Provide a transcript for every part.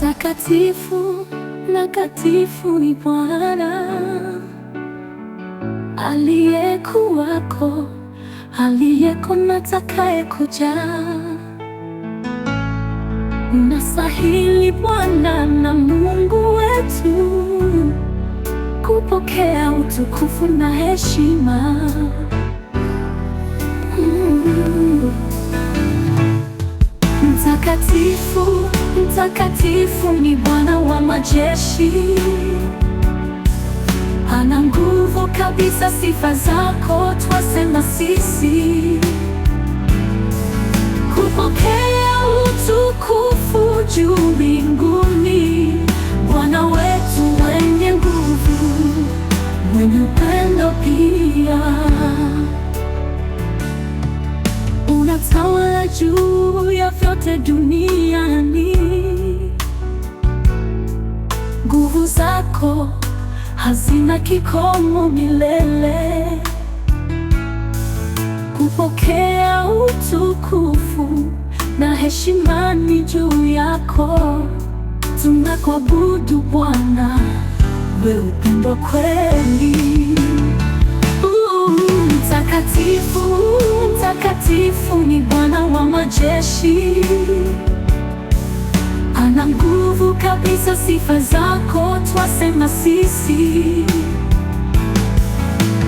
Mtakatifu na katifu ni Bwana aliyekuwako, aliyeko na atakayekuja. Unastahili Bwana na Mungu wetu kupokea utukufu na heshima. Mm. Mtakatifu mtakatifu ni Bwana wa majeshi, ana nguvu kabisa. Sifa zako twasema sisi, kupokea utukufu juu mbinguni. Bwana wetu mwenye nguvu, mwenye upendo pia, unatawala juu ya vyote duniani. zako hazina kikomo milele. Kupokea utukufu na heshima ni juu yako. Tunakuabudu Bwana, wewe upendo kweli. Mtakatifu, mtakatifu ni Bwana wa majeshi kabisa sifa zako, twasema sisi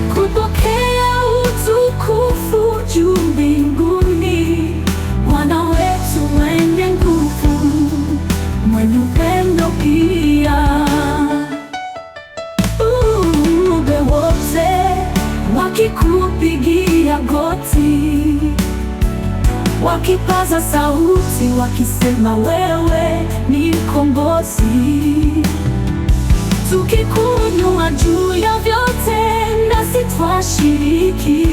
kupokea utukufu juu mbinguni. Mwana wetu mwenye nguvu, mwenye upendo pia, ube wote wakikupigia goti wakipaza sauti wakisema, wewe ni mkombozi. Tukikuinua juu ya vyote, nasi twashiriki.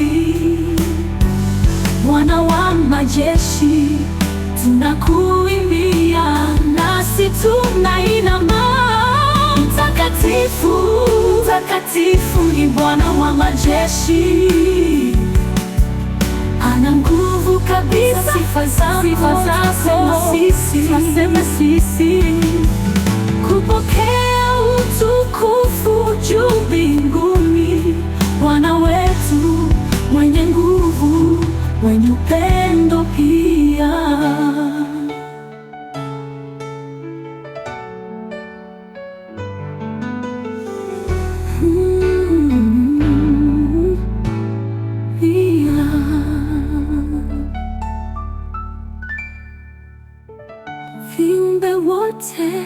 Bwana wa majeshi, tunakuimbia, nasi tunainama. Mtakatifu, mtakatifu ni Bwana wa majeshi, ana nguvu Mungu kabisa, sifa zako naseme sisi, kupokea utukufu juu mbinguni, Bwana wetu mwenye nguvu, mwenye upendo viumbe wote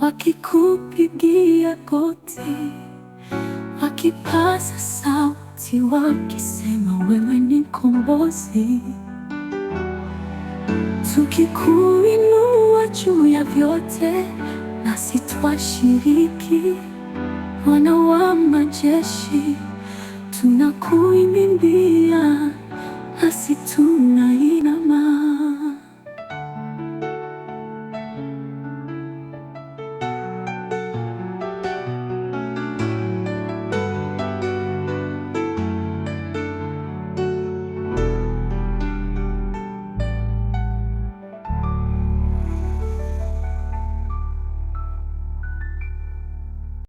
wakikupigia goti, wakipaza sauti, wakisema wewe ni mkombozi, tukikuinua juu ya vyote, nasi twashiriki. wana wa majeshi, tunakuimbia, nasi tunai